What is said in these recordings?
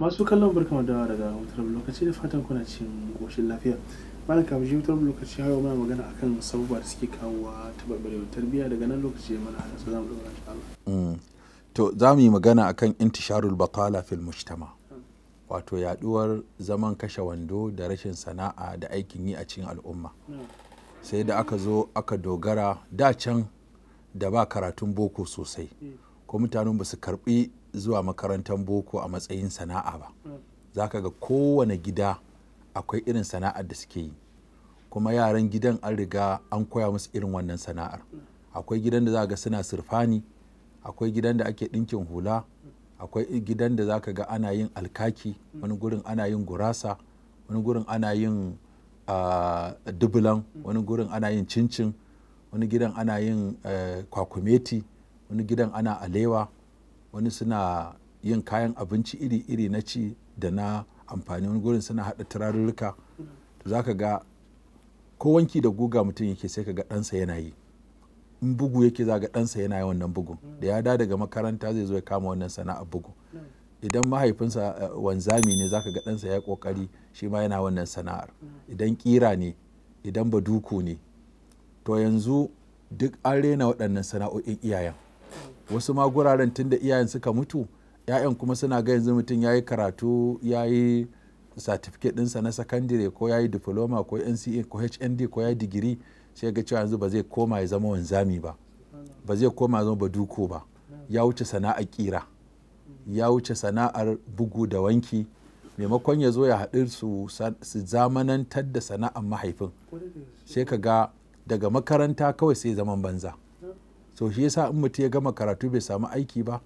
masu kallon barkan da daga wutar lokaci da fatan kuna cin goshin lafiya malam kafin shi wutar lokaci hawa muna magana akan sabuwa da suke kawowa taɓarɓarewar tarbiyya daga nan lokaci ya mana hada su za mu ɗora Allah. Mm. to za mu yi magana akan intisharul batala fil mujtama wato yaduwar zaman kashe wando da rashin sana'a da aikin yi a cikin al'umma mm. sai da aka zo aka dogara da can da ba karatun boko sosai mm. ko mutanen ba su karbi zuwa makarantar boko a matsayin sana'a ba za ka ga kowane gida akwai irin sana'ar da suke yi kuma yaran gidan an riga an koya musu irin wannan sana'ar akwai gidan da za ga suna surfani akwai gidan da ake ɗinkin hula akwai gidan da za ka ga ana yin alkaki wani gurin ana yin gurasa wani gurin ana yin dubulan wani gurin ana yin cincin wani gidan ana yin eh, kwakumeti wani gidan ana alewa wani suna yin kayan abinci iri-iri na ci da na amfani wani gurin suna haɗa turarurruka za ka ga ko wanki da guga mutum yake sai ka ga ɗansa yana yi in bugu yake za ga ɗansa yana yi wannan bugu da ya da daga makaranta zai zo ya kama wannan sana'ar bugu idan mahaifinsa eh, wanzami ne za ka ga ɗansa ya ƙoƙari shi ma yana wannan sana'ar idan ƙira ne idan baduku ne to yanzu duk an rena waɗannan sana'o'in iyayen wasu ma guraren tun da iyayen suka mutu 'ya'yan kuma suna ga yanzu mutum ya yi karatu ya yi certificate ɗinsa na sakandire ko ya yi diploma ko nca ko hnd ko ya yi digiri sai ga cewa yanzu ba zai koma ya zama wanzami ba ba zai koma ya zama baduko ba ya wuce sana'ar kira ya wuce sana'ar bugu da wanki maimakon ya zo ya haɗu su zamanantar da sana'ar mahaifin sai ka ga daga makaranta kawai sai zaman banza so shi yasa in mutum ya gama karatu bai samu aiki ba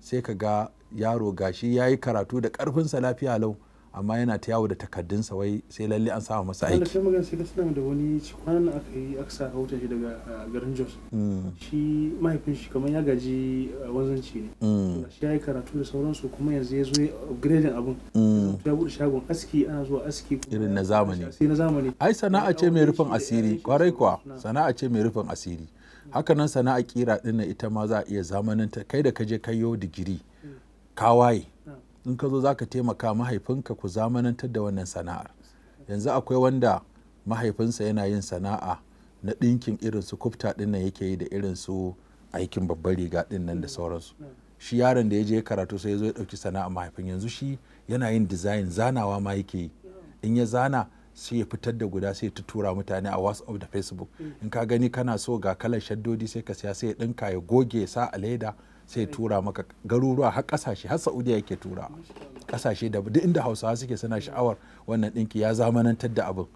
sai ka ga yaro gashi ya yi karatu da karfinsa lafiya lau amma yana ta yawo da takardunsa wai sai lalle an samu masa aiki. Wanda magana sai ka tuna da wani kwanan aka yi aka sa shi daga garin Jos. Mm. Shi mahaifin shi kamar ya gaji wanzanci ne. Mm. Shi ya yi karatu da sauransu kuma yanzu ya zo ya upgrading abun. Mm. Ya buɗe shagon aski ana zuwa aski. Irin na zamani. Sai na zamani. Ai sana'a ce mai rufin asiri kwarai kuwa sana'a ce mai rufin asiri. hakanan sana'a kira din ita ma za a iya ta kai da kaje je kayo digiri ka in ka zo za ka taimaka mahaifinka ku zamanantar da wannan sana'ar yanzu akwai wanda mahaifinsa yana yin sana'a na ɗinkin irin su kufta ɗin nan yake yi da irin su aikin babbar riga ɗin nan da sauransu shi yaron da ya je karatu sai ya zo ya ɗauki sana'a mahaifin yanzu shi yana yin design zanawa ma yake yi in ya zana sai ya fitar da guda sai ta tura mutane a whatsapp da facebook mm. in ka gani kana so ga kalar shaddodi sai ka siya sai ɗinka ya goge sa a leda sai tura maka garuruwa har kasashe har saudiya yake tura kasashe da duk inda hausawa suke suna sha'awar wannan ɗinki ya zamanantar da abin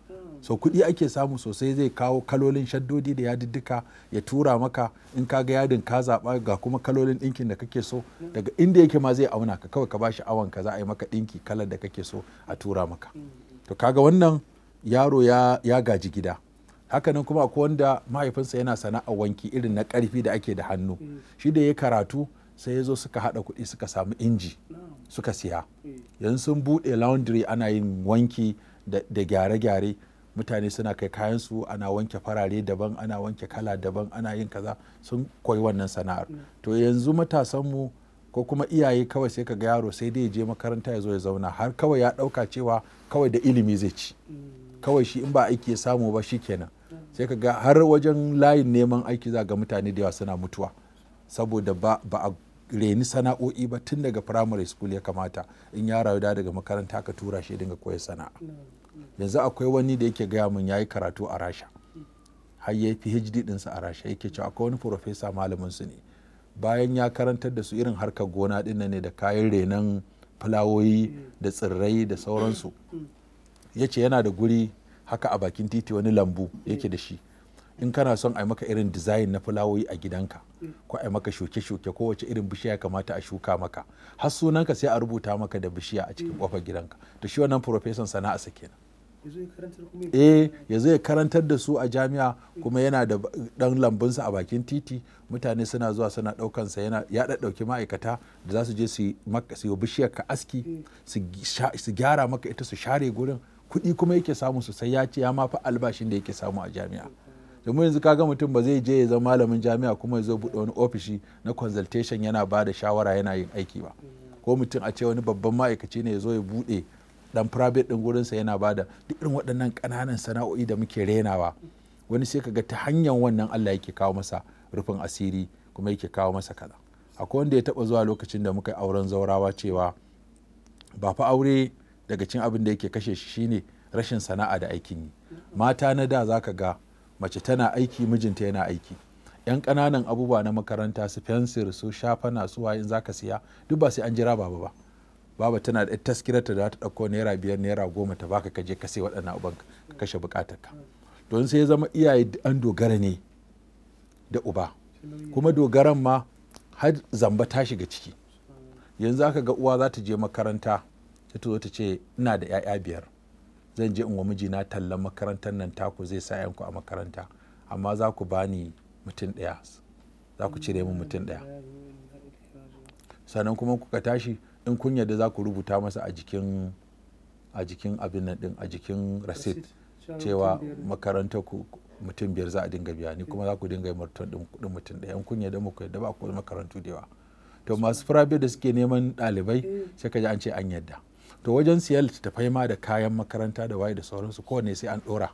so oh. kuɗi ake samu sosai zai kawo kalolin shaddodi da yadiddika ya tura maka in ka ga yadin ka zaɓa ga kuma kalolin ɗinkin da kake so mm. daga inda yake ma zai auna ka kawai ka ba awon ka za a yi maka ɗinki kalar da kake so a tura maka mm, to kaga wannan yaro ya, ya gaji gida hakanan kuma akwai wanda mahaifinsa yana sana'a wanki irin na karfi da ake da hannu mm. shi da ya karatu sai ya zo suka haɗa kuɗi suka samu inji suka siya mm. yanzu sun buɗe laundry ana yin wanki da gyare-gyare mutane suna kai kayansu ana wanke farare daban ana wanke kala daban ana yin kaza sun koyi wannan sana'ar mm. to yanzu matasanmu ko kuma iyaye kawai sai ka ga yaro sai dai je makaranta ya zo ya zauna har kawai ya ɗauka cewa kawai da ilimi zai ci kawai shi in ba aiki ya samu ba shi kenan sai ka ga har wajen layin neman aiki za ga mutane da yawa suna mutuwa saboda ba a reni sana'o'i ba tun daga primary school ya kamata in ya rayu daga makaranta ka tura shi dinga koyar sana'a yanzu akwai wani da yake gaya min yayi karatu a rasha har ya phd dinsa a rasha yake cewa akwai wani profesa malamin su ne bayan ya karantar da su irin harkar gona din ne da kayan renon fulawoyi da tsirrai da sauransu ya ce yana da guri haka a bakin titi wani lambu yake da shi in kana son a maka irin design na fulawoyi a gidanka ko a maka shuke-shuke ko wace irin bishiya kamata a shuka maka har sunanka sai a rubuta maka da bishiya a cikin kofar gidanka to shi wannan profesan sana'a sa kenan eh ya zai ya karantar da su a jami'a kuma yana da dan lambun lambunsa a bakin titi mutane suna zuwa suna daukan sa yana ya ɗauki ma'aikata da za su je su yi bishiyar ka aski mm. su gyara maka ita su share gurin kuɗi kuma yake samu sosai ya ce ya mafi albashin da yake samu a jami'a domin yanzu kaga mutum ba zai je ya zama malamin jami'a kuma ya zo buɗe wani ofishi na consultation yana ba da shawara yana yin aiki ba ko mutum a ce wani babban ma'aikaci ne ya zo ya buɗe dan private din sa yana ba da duk irin waɗannan ƙananan sana'o'i da muke renawa wani sai kaga ta hanyar wannan Allah yake kawo masa rufin asiri kuma yake kawo masa kaza akwai wanda ya taɓa zuwa lokacin da muka yi auren zaurawa cewa ba fa aure daga cin abin da yake kashe shi shine rashin sana'a da aikin yi mata na da zaka ga mace tana aiki mijinta yana aiki yan kananan abubuwa na makaranta su fensir su shafana su in zaka siya duk ba sai an jira baba ba baba tana da taskirarta da ta ɗauko naira biyar naira goma ta baka kaje ka sai waɗannan abubuwan ka kashe buƙatarka don sai ya zama iyaye an dogara ne da uba kuma dogaran ma har zamba ta shiga ciki yanzu aka ga uwa za ta je makaranta sai ta zo ta ce ina da 'ya'ya biyar zan je in wa mijina tallan makarantar nan taku zai sa 'yanku a makaranta amma za ku bani mutum ɗaya za ku cire min mutum ɗaya sannan kuma kuka tashi in kun yarda za ku rubuta masa a jikin a jikin abin nan din a jikin rasit cewa makarantar ku mutum biyar za a dinga biya ni kuma za ku dinga yi martan din mutum ɗaya in kun yarda muku yarda ba ku makarantu da yawa to masu firabe da suke neman ɗalibai eh. sai ka ji an ce an yarda to wajen siyan littattafai ma da kayan makaranta da waye da sauransu kowane sai an ɗora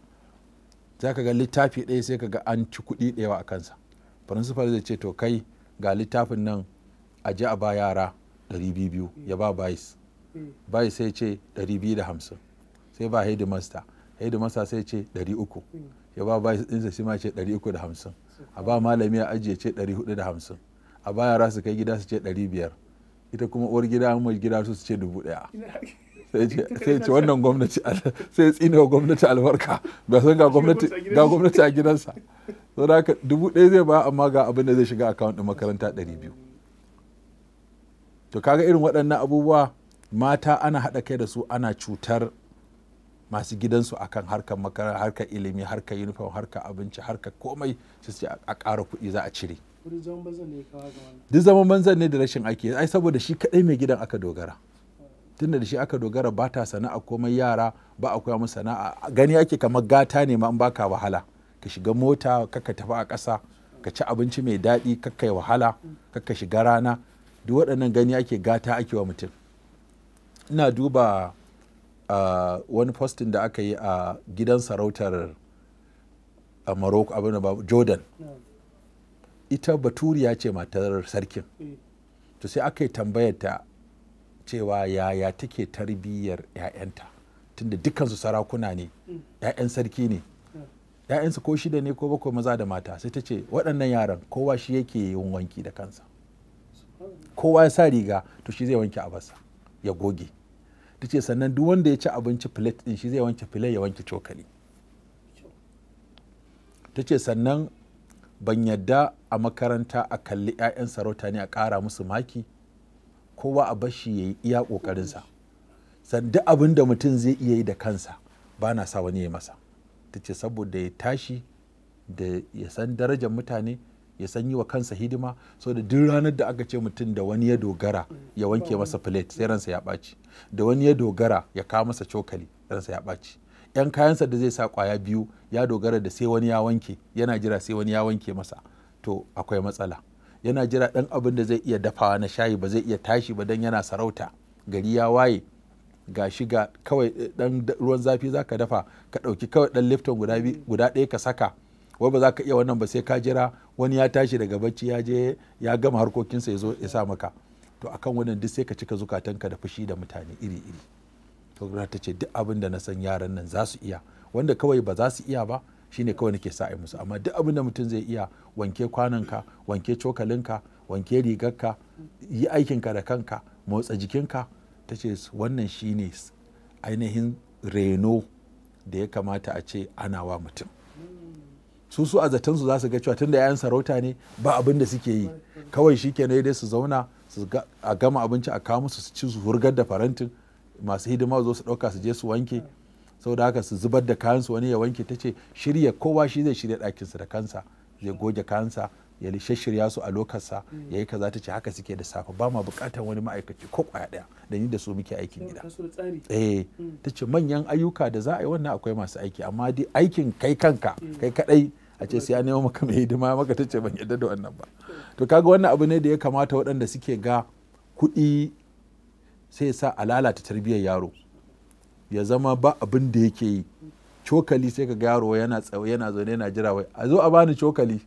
za ka ga littafi ɗaya sai ka ga an ci kuɗi ɗaya a kansa principal zai ce to kai ga littafin nan a ji a ba yara 200 ya ba bayis bayis sai ce 250 sai ba headmaster headmaster sai ce 300 ya ba bayis ɗinsa sai ma ce 350 a ba malami a ajiye ce 450 a ba yara su kai gida su ce biyar. ita kuma uwar gida mai gida su ce dubu daya sai ce wannan gwamnati sai ya tsine wa gwamnati albarka ba san ga gwamnati a gidansa so da haka dubu ɗaya zai ba amma ga abin da zai shiga akawun ɗin makaranta ɗari biyu to kaga irin waɗannan abubuwa mata ana haɗa kai da su ana cutar masu gidansu akan harkar makaranta harkar ilimi harkar uniform harkar abinci harkar komai su ce a ƙara kuɗi za a cire duk zaman banzan ne da rashin aiki ai saboda shi kadai mai gidan aka dogara tunda da shi aka dogara ba ta sana'a komai yara ba a koya musu sana'a gani ake kamar gata ne ma in baka wahala ka shiga mota kaka tafi a ƙasa ka ci abinci mai daɗi kakai yi wahala kaka shiga rana duk waɗannan gani ake gata ake wa mutum ina duba uh, wani postin da aka yi a gidan sarautar a uh, Morocco abin ba Jordan ita baturiya ce matar sarkin eh. to sai aka yi tambayar ta cewa yaya take tarbiyyar 'ya'yanta tunda dukansu sarakuna ne 'ya'yan mm. sarki ne yayansu ko shida ne ko bakwai maza da mata sai ta ce waɗannan yaran kowa shi yake yin wanki da kansa kowa ya sa riga to shi zai wanke abarsa ya goge ta ce sannan duk wanda ya ci abinci plate din shi zai wanke filet ya wanke cokali ta ce sannan ban yadda a makaranta a kalli 'ya'yan sarauta ne a ƙara musu maki kowa a bashi ya yi iya ƙoƙarinsa sanda abin da mutum zai iya yi da kansa ba na sa wani ya masa ta ce saboda ya tashi da ya san darajar mutane ya san yi wa kansa hidima so da duk ranar da aka ce mutum da wani ya dogara ya wanke masa plate sai ransa ya ɓaci da wani ya dogara ya kawo masa cokali ransa ya ɓaci 'yan kayansa da zai sa kwaya biyu ya dogara da sai wani ya wanke yana jira sai wani ya wanke masa to akwai matsala yana jira dan abin da zai iya dafawa na shayi ba zai iya tashi ba dan yana sarauta gari ya waye ga shi ga kawai ɗan ruwan zafi zaka dafa ka ɗauki kawai ɗan lifton guda ɗaya ka saka wai ba za ka iya wannan ba sai ka jira wani ya tashi daga bacci ya je ya gama harkokinsa ya zo ya sa maka to akan wannan duk sai ka cika zukatanka da fushi da mutane iri-iri to ta ce duk abin da na san yaran nan za su iya wanda kawai ba za su iya ba shine kawai nake sa musu amma duk abin da mutum zai iya wanke kwananka wanke cokalinka wanke rigarka yi aikinka da kanka motsa jikinka ta ce wannan shine ainihin reno da ya kamata a ce ana wa mutum su su a su za su ga cewa tunda 'ya'yan sarauta ne ba abin da suke yi kawai shi kenan dai su zauna a gama abinci a kawo musu su ci su hurgar da farantin masu hidima zo su ɗauka su je su wanke saboda haka su zubar da kayansu wani ya wanke ta ce shirya kowa shi zai shirya ɗakinsa da kansa zai goge kayansa ya shirya su a lokasa. ya yi kaza ta ce haka suke da safe ba ma bukatar wani ma'aikaci ko kwaya daya da ni da su muke aikin gida eh mm. ta ce manyan ayyuka da za a yi wannan akwai masu aiki amma dai aikin kai kanka mm. kai kadai a ce sai ya nemo maka mai hidima maka ta ce ban yadda da wannan ba mm. to kaga wannan abu ne da ya kamata waɗanda suke ga kuɗi sai ya sa a lalata tarbiyyar yaro ya zama ba abin da yake yi cokali sai ka ga yaro yana tsawo yana zaune yana jira wai a zo a bani cokali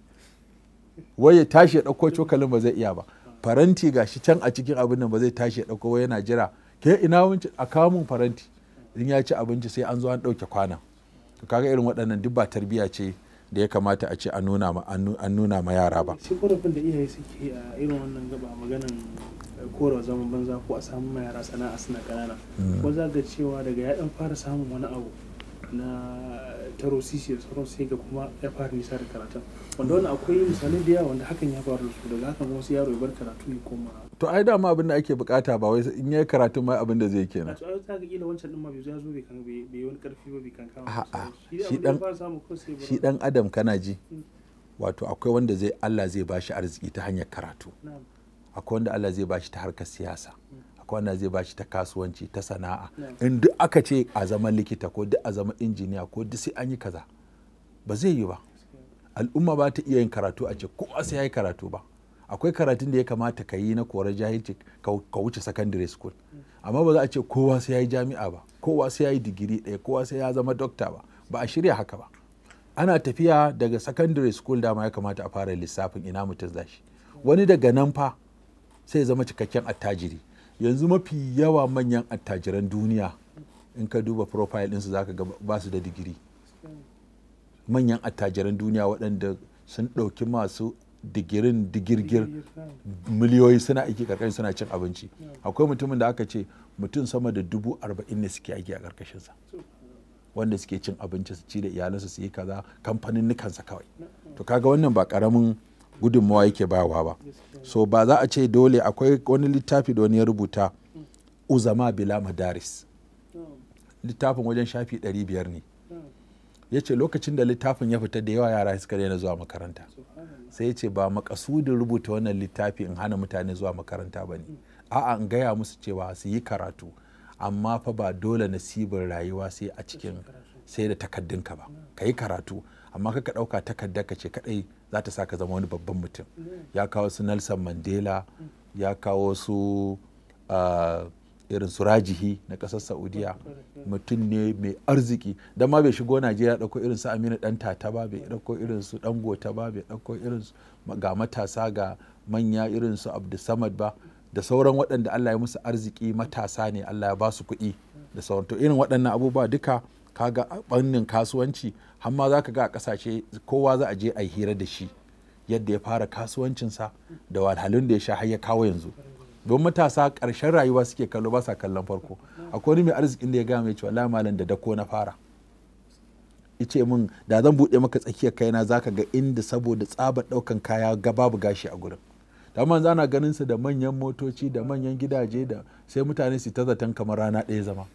wai ya tashi ya ɗauko cokalin ba zai iya ba faranti ga shi can a cikin abin nan ba zai tashi ya ɗauko wai yana jira ke ina wanci a kamun faranti in ya ci abinci sai an zo an ɗauke kwana kaga irin waɗannan duk ba tarbiyya ce da ya kamata a ce an nuna ma yara ba shi korafin da iyaye suke a irin wannan gaba maganan eh, kora zaman banza ko a samu yara sana'a suna kanana mm. ko za ga cewa daga ya dan fara samun wani abu na eh, taro sisi da sauran sai ga kuma ya fara nisa da karatun wanda wani akwai misali da yawa wanda hakan ya faru da su daga hakan wasu yaro ya bar karatu ya koma to ai dama abin da ake bukata ba wai in yayi karatu mai abin da zai kenan to ta ga kila wancan din ma bai zo bai kan bai wani karfi ba bai kan kama shi dan shi dan adam kana ji mm. wato akwai wanda zai Allah zai bashi arziki ta hanyar karatu akwai wanda Allah zai bashi ta harkar siyasa mm. akwai wanda zai bashi ta kasuwanci ta sana'a in duk aka ce a zama likita ko duk a zama injiniya ko duk sai an yi kaza ba zai yi ba al'umma ba ta iya yin karatu a ce ko sai ya yi karatu ba akwai karatun da ya kamata ka yi na korar jahilci ka wuce secondary school amma ba za a ce kowa sai ya yi jami'a ba kowa sai ya yi digiri ɗaya kowa sai ya zama dokta ba ba a shirya haka ba ana tafiya daga secondary school dama ya kamata a fara lissafin ina mutum zashi wani daga nan fa sai ya zama cikakken attajiri yanzu mafi yawa manyan attajiran duniya in ka duba profile ɗinsu za ka ga ba su da digiri manyan attajiran duniya waɗanda sun ɗauki masu digirin digirgir miliyoyi suna aiki karkashin suna cin abinci akwai mutumin da aka ce mutum sama da dubu arba'in ne suke aiki a karkashinsa wanda suke cin abinci su ci da iyalansu su yi kaza kamfanin nukansa kawai to kaga wannan ba karamin gudunmawa yake bayawa ba so ba za a ce dole akwai wani littafi da wani ya rubuta mm. uzama bila madaris oh. littafin wajen shafi biyar ne oh. ya ce lokacin da littafin ya fita da yawa yara suka daina zuwa makaranta sai ce ba makasudin rubuta wannan littafi in hana mutane zuwa makaranta ba ne a'a in gaya musu cewa su yi karatu amma fa ba dole nasibin rayuwa sai a cikin sai da takaddunka ba ka yi karatu amma ka ɗauka takaddar ka ce kadai za ta sa ka zama wani babban mutum ya kawo su nelson mandela ya kawo su uh, irin su rajihi na kasar saudiya mutum ne mai arziki don ma bai shigo najeriya ɗauko irin su aminu ɗan tata ba bai ɗauko irin su ta ba bai ɗauko irin su ga matasa ga manya irin su samad ba da sauran waɗanda allah ya musu arziki matasa ne allah ya ba su kuɗi da sauran to irin waɗannan abubuwa duka kaga ɓannin kasuwanci har ma za ka ga a kasashe kowa za a je a yi hira da shi yadda ya fara kasuwancinsa da wahalhalun da ya sha har ya kawo yanzu don matasa karshen rayuwa suke kallo ba sa kallon farko akwai wani mai arzikin da ya gama ya ce wala malam da dako na fara ce min da zan buɗe maka tsakiyar kaina zaka ga inda saboda tsabar ɗaukan kaya ga babu gashi a gurin amma za na ganin su da manyan motoci da manyan gidaje da sai mutane su ta zaton kamar rana ɗaya zama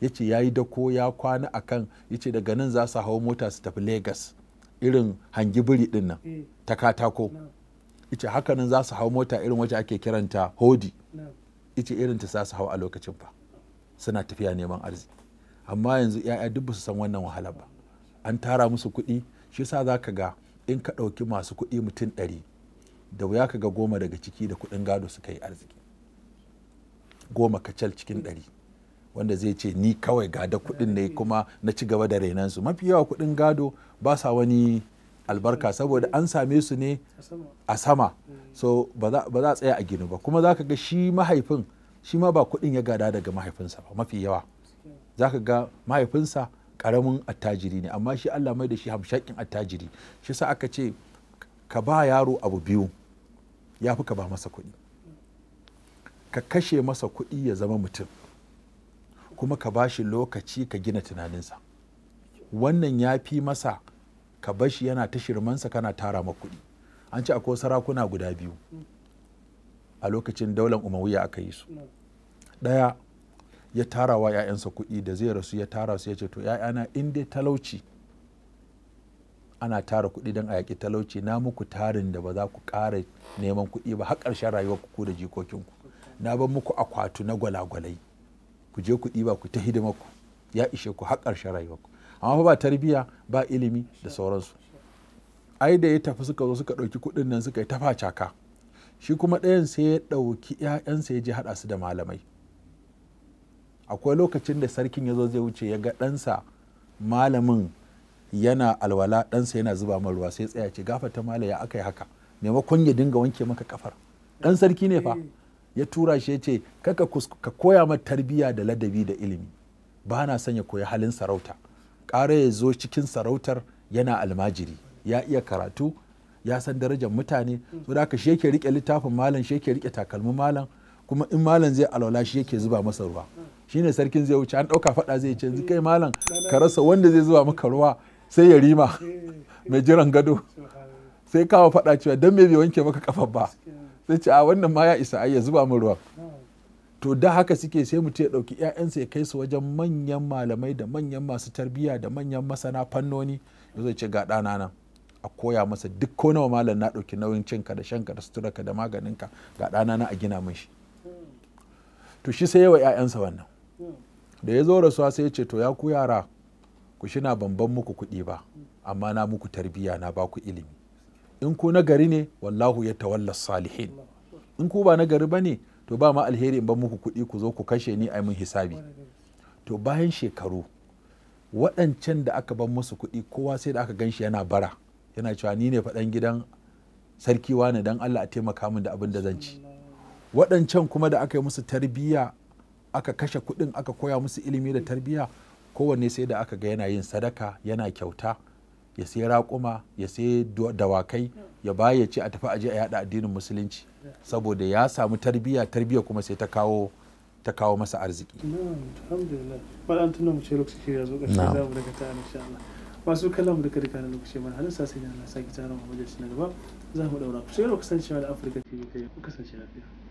ya ce ya yi dako ya kwana a kan ya ce daga nan za su hau mota su tafi lagos irin hangi ɗin nan eh. ta katako ice hakanan za su hau mota irin wacce ake kiranta hodi ice irin ta za su hau a lokacin fa suna tafiya neman arziki amma yanzu 'ya'ya duk ba su san wannan wahala ba an tara musu kuɗi shi sa za ka ga in ka ɗauki masu kuɗi mutum ɗari da wuya ka ga goma daga ciki da kuɗin gado suka yi arziki goma kacal cikin ɗari wanda zai ce ni kawai gada kuɗin ne kuma na ci gaba da rainansu mafi yawa kuɗin gado ba sa wani albarka saboda an same su ne a sama so ba za a tsaya a gini ba kuma za ka ga shi mahaifin shi ma ba kuɗin ya gada daga mahaifinsa ba mafi yawa za ka ga mahaifinsa karamin attajiri ne amma shi allah mai da shi hamshakin attajiri shi sa aka ce ka ba yaro abu biyu ya fi ka ba masa kuɗi ka kashe masa kuɗi ya zama mutum kuma ka ba shi lokaci ka gina tunaninsa wannan ya fi masa ka bar shi yana ta shirmansa kana tara ma kuɗi an ce akwai sarakuna guda biyu a lokacin daular umawiya aka yi su ɗaya ya tara wa 'ya'yansa kuɗi da zai rasu ya tara su ya ce to 'ya'yana in dai talauci ana tara kuɗi don a yaƙi talauci na muku tarin da ba za ku ƙara neman kuɗi ba har ƙarshen rayuwar ku da jikokinku na bar muku akwatu na gwalagwalai ku je kuɗi ba ku ta ku ya ishe ku har ƙarshen rayuwar amma ba tarbiyya ba ilimi da sauransu ai da ya tafi suka zo suka ɗauki kuɗin nan suka yi ta ka shi kuma ɗayan sai ya ɗauki 'ya'yansa ya je haɗa su da malamai akwai lokacin da sarkin ya zo zai wuce ya ga ɗansa malamin yana alwala ɗansa yana zuba man ruwa sai tsaya ce gafata malaya aka yi haka maimakon ya dinga wanke maka kafar ɗan sarki ne fa ya tura shi ya ce kaka ka koya ma tarbiyya da ladabi da ilimi ba na son ya koyi halin sarauta ƙara ya zo cikin sarautar yana almajiri ya iya karatu ya san darajar mutane so da haka shi yake rike littafin malam shi yake rike takalmin malam kuma in malam zai alwala shi yake zuba masa ruwa shine sarkin zai wuce an ɗauka faɗa zai ce yanzu kai malam ka rasa wanda zai zuba maka ruwa sai ya rima mai jiran gado sai kawo faɗa cewa dan me bai wanke maka kafa ba sai ce a wannan ma ya isa ai ya zuba min ruwa. to da haka suke sai mutum ya ɗauki 'ya'yansa ya kai su wajen manyan malamai da manyan masu tarbiyya da manyan masana fannoni ya zai ce ga ɗana nan a koya masa duk ko nawa malam na ɗauki nauyin cinka da shanka da suturarka da maganinka ga ɗana na a gina mun shi to shi sai yawa 'ya'yansa wannan da ya zo rasuwa sai ya ce to ya ku yara ku shina bamban muku kuɗi ba amma na muku tarbiyya na ba ku ilimi in ku na gari ne wallahu ya tawallas salihin in ku ba na gari ba ne to ba ma alheri in ba muku kuɗi ku zo ku kashe ni a mun hisabi to bayan shekaru waɗancan da aka ban musu kuɗi kowa sai da aka gan shi yana bara yana cewa ni ne faɗan gidan sarki wane dan Allah a taimaka min da abin da zan ci waɗancan kuma da aka yi musu tarbiyya aka kashe kuɗin aka koya musu ilimi da tarbiyya kowanne sai da aka ga yana yin sadaka yana kyauta ya sai raƙuma ya sai dawakai ya bayyace a tafi aje a yada addinin musulunci saboda ya samu tarbiyya tarbiyya kuma sai ta kawo ta kawo masa arziki mu ce lokaci zo za mu Allah masu kallon mu duka duka na lokaci mana halin sasai na sake saki tsara mu majalisi na gaba za mu daura ku sai ku kasance da Afirka TV kai ku kasance lafiya